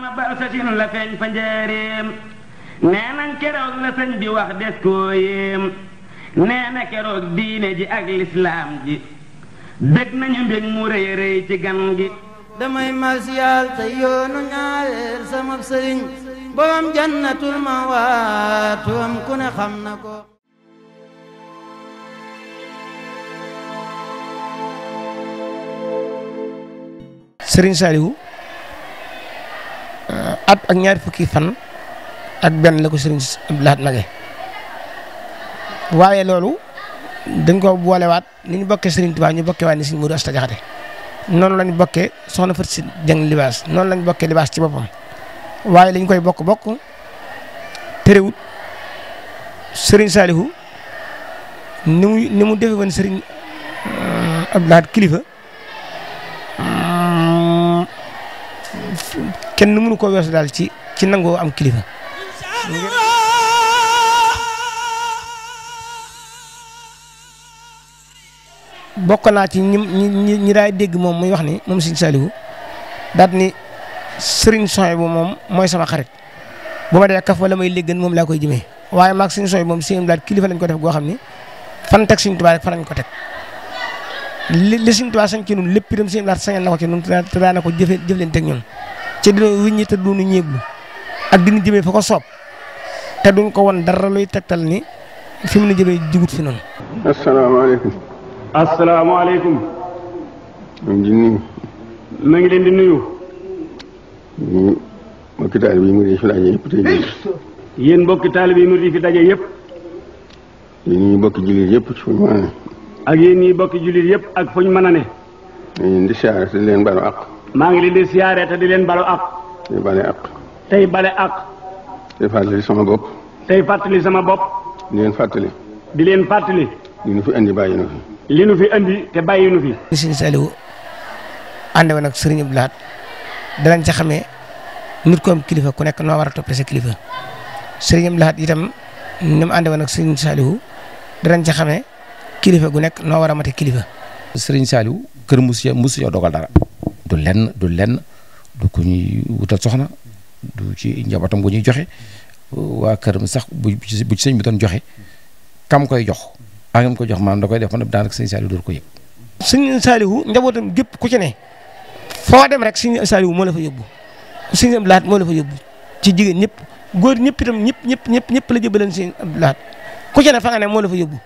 ma balsasin nee nañ keroog la sëñ bi wax des koo nee na keroog diine ji ak lislaam ji dëgg nañu mbég mu rëy rëy ci gan gi damay marsiyaal te yoonu ñaareer sama sëriñ borom jannatul mawaat turam ku ne xam na ko at ak ñaar fukki fan ak benn la ko sëriñ Abdou Lahad Mbacké waaye loolu dañ ko boolewaat ni ñu bokkee sëriñ Tuubaa ñu bokkee waat ni sëriñ Modou Asta Jaxate noonu lañ bokkee soxna Fatou si jàng libaas noonu lañ bokkee libaas ci boppam waaye liñ koy bokk bokk terewut sëriñ Saalihu ni mu ni mu defee woon sëriñ euh, Abdou kilifa kenn mënu ko weesu daal ci ci nangoo am kilifa. bokk naa ci ñi ñi ñi daay dégg moom mu wax ni moom Sëriñ Saliou daat ni Sëriñ Soy bu moom mooy sama xarit bu ma dee kaf wala may léggan moom laa koy jëmee waaye maag Sëriñ Soy moom seen daal kilifa lañ ko def goo xam ni fan teg Sëriñ Tuubaa rek fan lañ ko teg li li Sëriñ Tuubaa sañ ci ñun lépp itam seen daal sañal ko ci ñun te jëf leen teg ci dina wiññi te duñu ñeebbu ak dina jëmee fa ko soob te duñ ko won dara luy tegtal ni fi mu ne jëmee jugut fi noonu. asalaamaaleykum. asalaamaaleykum. ñu ngi nuyu. ma ngi leen di nuyu. ñu mbokki taalibe yi murid yi fi daje yëpp tey yi murid yi fi daje yëpp. yéen ñii bokki jullit yëpp ci fu ñu mën a ne. ak yi ñii bokki jullit yëpp ak fu ñu mën a ne. ñu ngi di siyaare di leen baalu àq. maa ngi leen di siyaare te di leen balu ak. tey bale ak. tey bale ak. fàttali sama bopp. tey fàttali sama bopp. di leen fàttali. di leen fàttali. li nu fi andi bàyyi nu fi. li nu fi andi te bàyyi nu fi. sëñ Saliou ànd woon ak Serigne Abdou Lahad danañ ca xamee nit koom kilifa ku nekk noo war a toppee sa kilifa Serigne Abdou Lahad itam ni mu ànd woon ak Serigne Saliou danañ ca xamee kilifa gu nekk noo war a mate kilifa. Serigne Saliou kër Moussa Moussa dogal dara. du lenn du lenn du ko ñuy wutal soxna du ci njabootam bu ñuy joxe waa këram sax bu bu ci sëñ bi doon joxe kam koy jox ak nga ko jox maanaam da koy def man daanaka sëñ Saliou dóor ko yëg. sëñ Saliou njabootam gépp ku ci ne foo dem rek sëñ Saliou moo la fa yóbbu sëñ Abdou Lahad moo la fa yóbbu ci jigéen ñëpp góor ñëpp itam ñëpp ñëpp ñëpp ñëpp la jëbaleen sëñ Abdou Lahad ku ci ne fa nga ne moo la fa yóbbu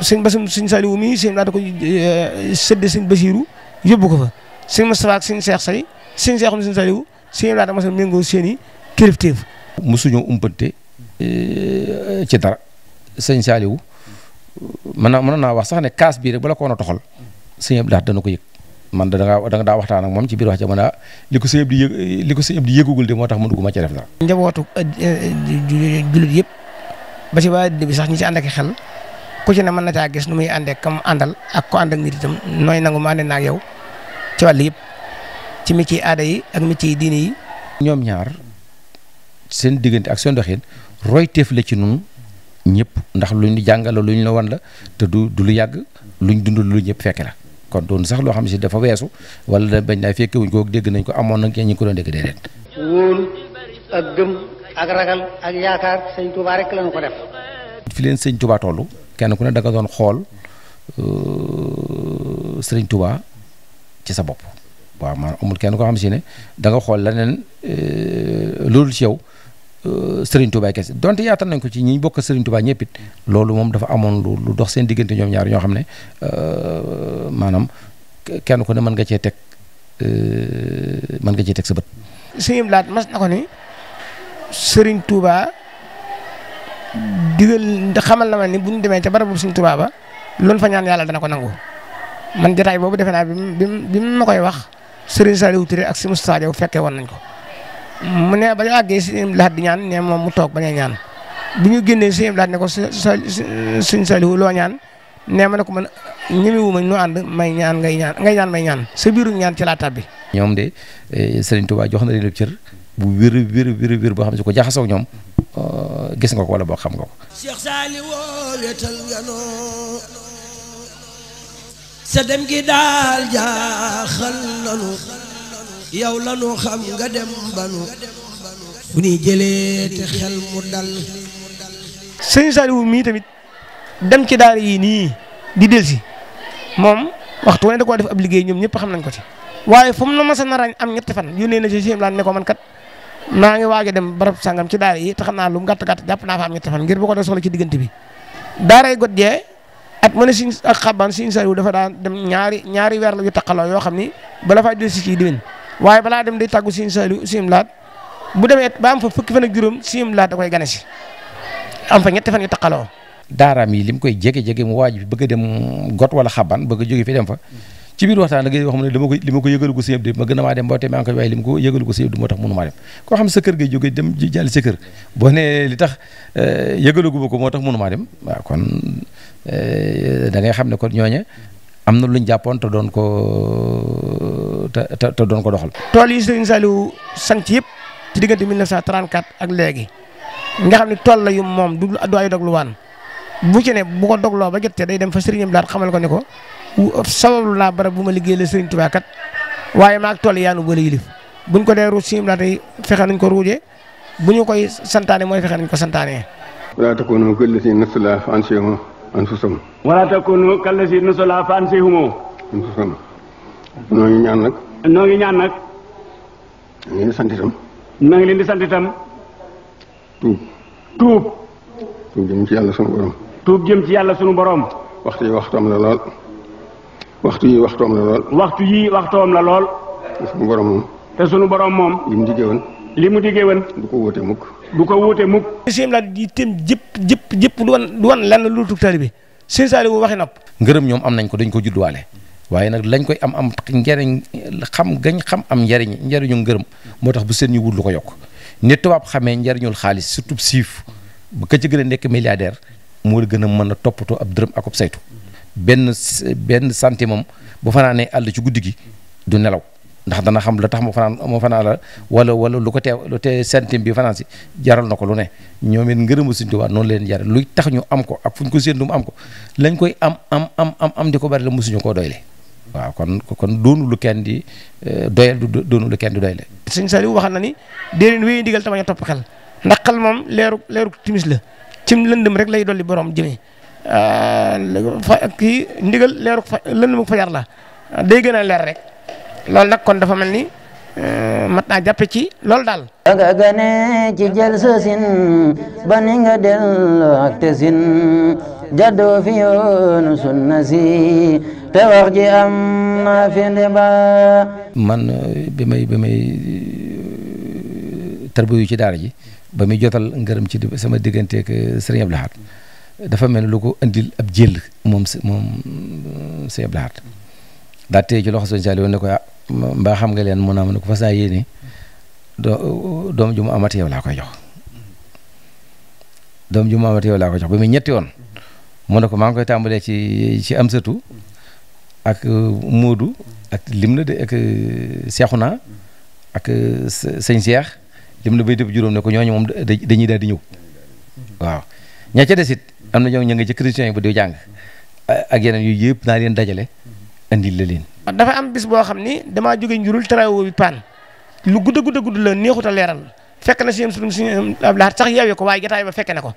sëñ Bassirou sëñ Saliou mii sëñ Abdou Lahad da koy eh, séddee sëñ Bassirou yóbbu ko fa. sëñ Moustapha ak sëñ Cheikh Say sëñ Cheikhoum sëñ Saliou sëñ Ibrahima mos a méngoo mu i kilifteef. mosuñoo umpante e, ci dara sëñ Saliou mën naa mën naa wax sax ne kaas bii rek bala ko woon a toxal sëñ Abdoulaye dana ko yëg man da nga daa waxtaan ak moom ci biir wax ja mën a ah, li ko sëñ Abdi yëg li ko sëñ Abdi yëgugul de moo tax mënuguma ci def dara. njabootu e, e, jullit yëpp ba ci waa bi sax ñi ci ànd ak xel ku ci ne mën na caa gis nu muy àndee kam àndal ak ko ànd ak nit itam nooy nangu ma àndee naa ak yow. ci wàll yëpp ci métier aada yi ak métier diine yi. ñoom ñaar seen diggante ak seen doxin royteef la ci nun ñëpp ndax luñ jàngal la ñu la wan la te du du lu yàgg luñ dund lu ñëpp fekke la kon doon sax loo xam si dafa weesu wala bañ naa fekkewuñ wuñ dégg nañ ko amoon nañ ñu ko doon dégg déedéet. wóolu ak gëm ak ragal ak yaakaar sëñ Touba rek lañ ko def. fi leen sëñ Touba toll kenn ku ne da nga doon xool euh, sëriñ Touba. ci sa bopp waaw maanaam amul kenn koo xam si ne da nga xool leneen loolu euh, ci sëriñ euh, Serigne Touba kese donte yaatal nañ ko ci ñi bokk Serigne Touba ñëpp it loolu moom dafa amoon lu dox seen diggante ñoom ñaar ñoo xam ne euh, maanaam kenn ko ne mën nga cee teg mën nga cee teg sa bët. sëñ laat mas na ko ni Serigne Touba xamal na ma ni bu ñu demee ca barabu Serigne Touba ba loolu fa ñaan yàlla dana ko nangu. man jotaay boobu defe naa bi mu bi mu ma koy wax Serigne ak si Moustapha Diaw fekkee woon ko mu ne ba ñu àggee si laaj di ñaan ne moom mu toog bañ a ñaan bi ñu génnee si laaj ne ko sa sa Serigne Saliou loo ñaan nee ma ne ko man ñemewu ma ñu ànd may ñaan ngay ñaan ngay ñaan may ñaan sa biiru ñaan ci laa tàbbi. ñoom de eh, Serigne Touba jox na leen ab cër bu wér wér wér wér boo xam ne su ko jaxasoo ak ñoom oh, gis nga ko wala boo xam nga ko. sa dem gi daal jaaxal nanu yow lanu xam nga dem banu fu ñuy jëlee te xel mu dal sëñ Saliou mii tamit dem ci daara yi nii di delsi moom waxtu wane da koo def ab liggéey ñoom ñëpp xam nañ ko ci waaye fu mu na masa narañ am ñetti fan yónnee na ci siim laan ne ko man kat naa ngi waaj a dem barab sàngam ci daara yi te xam naa lu mu gàtt jàpp naa fa am ñetti fan ngir bu ko def soxla ci diggante bi daaray got jee at mu ne siñ ak xabaan dafa daan dem ñaari ñaari weer la yu taqaloo yoo xam ni bala faa dellusi ci diwén waaye balaa dem day tàggu siñ sariwu siim laat bu demee ba am fa fukki fan ak juróom siim laat da koy gane si am fa ñetti fan yu taqaloo daaraam yi lim koy jege-jege mu waaj bi bëgg a dem got wala xaban bëgg a jóge fi dem fa ci biir waxtaan da ngay wax mu ne li ma ko yëgalu ko sëñ bi ma a maa ko yëgalu ko sëñ bi moo tax mënu maa dem koo xam sa kër ngay jóge dem jàll sa kër li tax eh, yëgalu gu ma ko moo tax mënu maa dem kon Euh, da ngay xam ne kon ñooña am na luñ jàppoon te doon ko te te doon ko doxal. tool yi Serigne Saliou sanc yëpp ci diggante 1934 ak léegi nga xam ne tool la yu moom du du ay doglu waan bu ci ne bu ko dogloo ba jotee day dem fa Serigne daal xamal ko ne ko sababu laa barab bu ma liggéey la Serigne Touba kat waaye maag tool yaanu bële yilif buñ ko dee ruut si daal tey fexe nañ ko ruujee bu ñu koy santaane mooy fexe nañ ko santaane. wala takunu anfusahum wala takunu kallasi nusula fa ansihum anfusahum noo ngi ñaan nag noo ngi ñaan nag noo ngi leen di sant itam noo ngi leen di sant itam tuub tuub tuub jëm ci yàlla sunu borom tuub jëm ci yàlla sunu borom waxtu waxtoom la lool waxtu yi waxtoom la lool waxtu yi waxtoom la lool te sunu borom moom te sunu borom moom li mu diggee woon li ko wóote mukk du ko wuute mukk. sëñ laa di itam jëpp jëpp jëpp du wan lan wan lenn lu tug taalibe sëñ Saliou waxi napp. ngërëm ñoom am nañ ko dañ ko judduwaale waaye nag lañ koy am am njariñ xam gañ xam am njariñ njariñu ngërëm moo tax bu seen ñu wut lu ko yokk ni tubaab xamee njariñul xaalis surtout siif bu ka ci gën a nekk milliardaire moo gën a mën a toppatoo ab dërëm ak ab saytu benn benn santimam bu fanaanee àll ci guddi gi du nelaw. ndax dana xam la tax mu fanaan mu fanaan la wala wala lu ko tee lu tee centime bi fanaan si jaral na ko lu ne ñoom it ngërëmu Sëriñ Tuubaa noonu leen jaral luy tax ñu am ko ak fu ñu ko séentu mu am ko lañ koy am am am am am di ko bari la mosuñu koo doyle waaw kon kon doonu lu kenn di eh, doyal du doonu lu kenn di doyle Sëriñ Saliou waxal na ni déedéet wéy ndigal tamaña topp xel ndax xel moom leeru leeru timis la cim lëndëm rek lay dolli borom jëmee ah, fa kii ndigal leeru fa lëndëm ak fajar la ah, day gën a leer rek loolu nag kon dafa mel ni euh, mat naa jàppe ci loolu daal aga gane ci jël sosin ba ni nga dellu te sin jaddoo fi yoonu sunna si te wax ji am na fi man euh, bi may bi euh, ci daara ji ba muy jotal ngërëm ci sama diggante sëriñ Abdou Lahad dafa mel ni lu ko andil ab jël moom moom sëriñ Abdou ci loxo sëriñ Saliou ne ko ah, mbaa xam nga leen mun naa ma ne ko fas doo doom ju mu amati yow laa koy jox doom ju mu amati yow laa koy ñetti yoon mu ne ko maa ngi koy tàmbalee ci ci amsatu ak euh, Moodu ak lim na de ak euh, Seexuna ak euh, sëñ Seex lim na bay dëpp juróom ne ko ñooñu moom dañuy daal di ñëw waaw ña ca desit am na ñoo ña nga ci chrétien yi bu di jàng ak yeneen yooyu yëpp naa leen dajale andil la leen dafa am bis boo xam ni damaa jóge njurul travaux bi paan lu gudd gudd gudd la neexut a leeral fekk na si yéen suñu suñu ablaat sax yeewee ko waaye jotaay ba fekke na ko.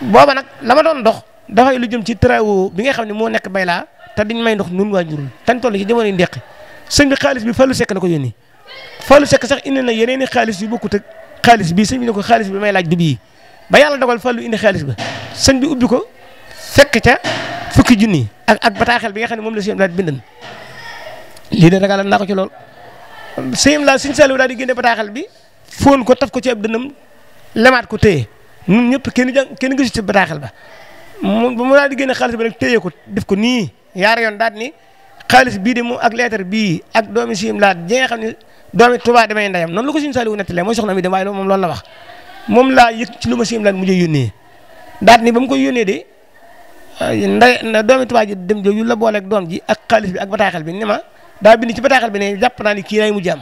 booba nag la ma doon dox dafay lu jëm ci travaux bi nga xam ne moo nekk bay laa te diñ may ndox nun waa njurul tan toll ci jamono ndeq sëñ bi xaalis bi Fallou Seck na ko yónni Fallou Seck sax indi na yeneen i xaalis yu bokkut ak bii sëñ bi ne ko xaalis bi may laaj du bii ba yàlla dogal Fallou indi xaalis ba sëñ bi ubbi ko fekk ca fukki junni ak ak bataaxel bi nga xam ne moom la sëñ bi daal lii de ragalal la nako ci loo sëñ laa sëñ Saliou daal di génne bataaxal bi fóon ko taf ko ci ab dënnam lemaat ko téye ñun ñëpp kenn jàng kenn gisu ci bataaxal ba mu mu daal di génne xaalis bi nag téye ko def ko nii yaar yoon daal ni xaalis bii de moom ak lettre bii ak doomi siim laat ji nga xam ne doomi Tuubaa damay ndeyam noonu la ko sëñ na nettalee mooy soxna mi de waaye loolu moom loolu la wax moom laa yëg ci lu ma siim laat mujjee yónnee daal ni ba mu koy yónnee de ndey doomi Tuubaa ji dem jooju la boole doom ji ak xaalis bi ak bataaxal bi ni daa bind ci bataaxal bi ne jàpp naa ni kii lay mu jàmm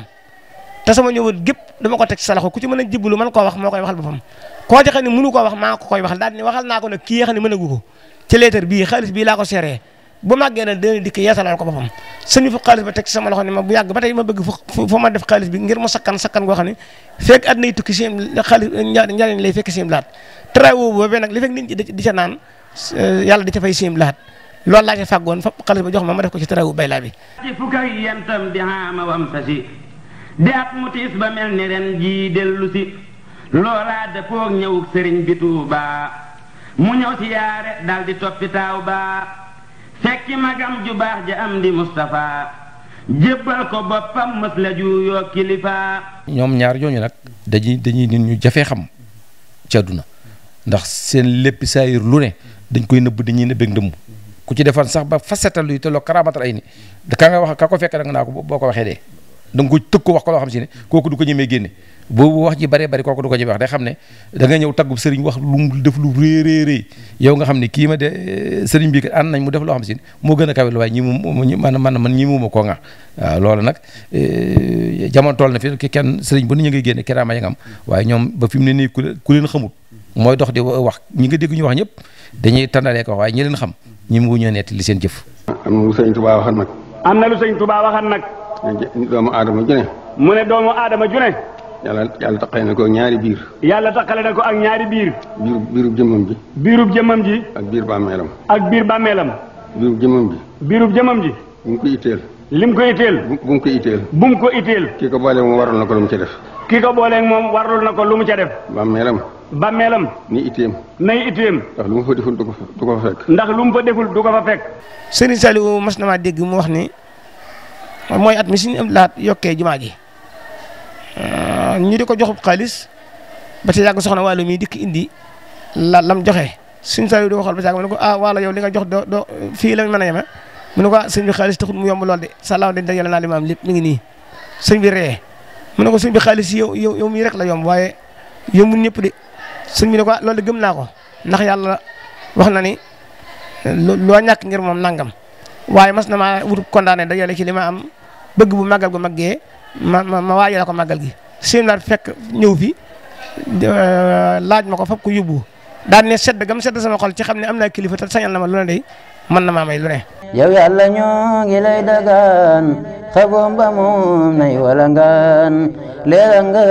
te sama ñëwoon gépp dama ko teg ci sa loxo ku ci mën a jiblu man koo wax moo ko waxal boppam koo joxe ne mënu koo wax maa ko koy waxal daal ni waxal naa ko na kii xam ne mën a gu ko ci leetar bii xaalis bii laa ko seeree bu màggee na dina dikk yeesalal ko boppam sëñu fu xaalis ba teg ci sama loxo ma bu yàgg ba tey ma bëgg fu fu ma def xaalis bi ngir mu sakkan sakkan goo xam ne fekk at nay tukki seen xaalis njariñ lay fekk seen laat travaux boobee nag li fekk nit ñi di ca naan yàlla di ca fay seen laat loolu laa ci fàggoon fa xaalis jox ma ma def ko ci tarawu baylaa bi ci fukka yentam bi xaama sa si di at mu tiis ba mel ni ren jii dellu si loolaa dëppoog ñëwug sëriñ bi Tuubaa mu ñëw si yaare dal di toppi taaw baa fekki magam ju baax ja am di Mustapha jébbal ko boppam mës la juuyoo kilifa ñoom ñaar ñooñu nag dañuy dañuy nit ñu jafee xam ci àdduna ndax seen lépp saayir lu ne dañ koy nëbb dañuy nëbbeeg ndëmm ku ci defar sax ba fasetal luy te loo karamatal ay ni ka nga wax ka ko fekk nag naa ko boo ko waxee dee da nga ko tëkk wax ko loo xam si ne kooku du ko ñemee génne boobu wax ji bëree bëri kooku du ko ñemee wax day xam ne da nga ñëw taggub sëriñ wax lu mu def lu yow nga xam ne kii ma de eh, sëriñ bi kat nañ mu def loo xam si ne moo gën a kawe lu waaye ñi mu man man man ñi muma koo nga waaw loolu nag eh, jamono toll na fi kenn sëriñ bu ni ñu ngay génne kiraama ya nga am waaye ñoom ba fi mu ne nii ku leen xamul mooy dox di wax ñi nga dégg ñu wax ñëpp dañuy tàndalee ko wax waaye xam ñi mu ñoo nettali seen jëf. am na lu sëñ Tuubaa waxan nag. am na lu sëñ Tuubaa waxan nag. doomu aadama ju ne. mu ne doomu aadama ju ne. yàlla yàlla taqale na ko ak ñaari biir. yàlla taqale na ko ak ñaari biir. biir biirub jëmmam ji. biirub jëmmam ji. ak biir bàmmeelam. ak biir bàmmeelam. biirub jëmmam ji. biirub jëmmam ji. bu mu ko itteel. lim ko itteel. bu mu ko itteel. ko itteel. kii ko boole moom warul na ko lu mu ca def. kii ko boole moom warul na ko lu mu ca def. bàmmeelam. bàmmeelam ni itteem nay itteem ndax lu mu deful du fa du ndax lu mu deful du fa fekk Serigne Saliou mas na maa dégg mu wax ni mooy at mi Serigne Abdou Lahad yokkee jumaa ji euh, ñu di ko joxub xaalis ba ci yàgg soxna wàllu mi dikk indi la lam joxe Serigne Saliou di waxal ba ci yàgg mu ne ko ah, a yeme mu ne ko ah sëñ bi xaalis mu yomb lool de salaaw dañ dajale naa li ma am lépp mi ngi nii sëñ bi ree mu ne ko sëñ bi xaalis yow yow yow rek la yomb waaye yombul ñëpp de sëñ bi ne ko ah, loolu gëm naa ko ndax yàlla wax na ni loo ñàkk ngir moom nangam waaye mas na maa wur condamné dajale ci li ma am bëgg bu màggal gu màggee ma ma ma waajal ko màggal gi. sëñ bi fekk ñëw fi euh, laaj ma ko fab ko yóbbu daan ne sedd gam sedd sama xol ci xam ne am naa kilifa te sañal na ma lu ne mën na maa may lu ne. yow yàlla ñoo ngi lay dagaan xagoom ba moom nay wala ngaan leera nga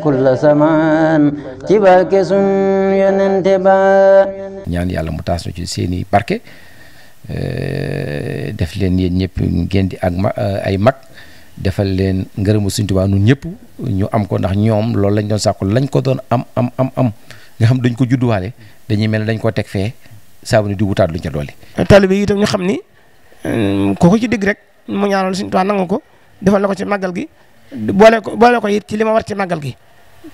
kulla samaan ci barke sun yonente ba ñaan yàlla mu taas na ci seeni barke eh, def leen yéen ñëpp ngeen ak ma eh, ay mag defal leen ngërëmu Sëñ Tuubaa nun ñëpp ñu am ko ndax ñoom loolu lañ doon sàkku lañ ko doon am am am am nga xam duñ ko judduwaale dañuy mel ne dañ ko teg fee saabu ni di wutaat luñ ca dolli. taalibe yi itam ñu xam ni euh, ku ko ci digg rek mu ñaanal suñu Tuubaa nangu ko defa la ko ci màggal gi boole ko boole it ci li ma war ci màggal gi.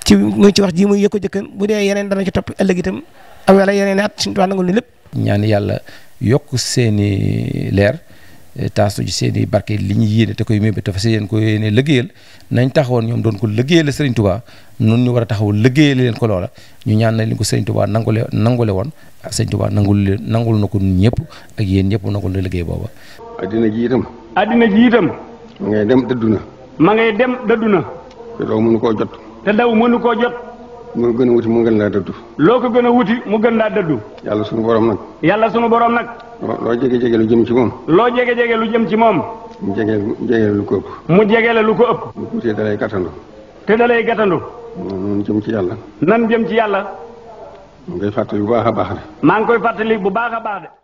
ci muy ci wax ji muy yëkko jëkkan bu dee yeneen dana ci topp ëllëg itam ak wala yeneen at suñu Tuubaa nangul ni lépp. ñaan yàlla yokk seeni leer. Eh, taas ci seen i barke li ñu yéene te koy mébé te fas yéene ko yéene liggéeyal nañ taxawoon ñoom doon ko liggéeyal la Serigne Touba nun ñu war a taxaw liggéeyal leen ko loola ñu ñaan na leen ko sëñ Tuubaa nangule nangule woon sëñ Tuubaa nangul leen nangul na ko nun ñëpp ak yéen ñëpp nangul na liggéey booba addina ji itam àddina ji itam ma ngay dem dëddu na ma ngay dem dëddu na te daw mënu koo jot te daw mënu koo jot mu gën wuti mu gën laa dëddu loo ko gën a wuti mu gën laa dëddu yàlla sunu boroom nag yàlla sunu borom nag loo jege-jege lu jëm ci moom loo jege-jege lu jëm ci moom mu jege jege lu ko ëpp mu jege la lu ko ëpp bu tuutee nan jëm ci yàlla. nan jëm ci yàlla. maa ngi koy baax a baax de. ngi koy fàttali bu baax a baax de.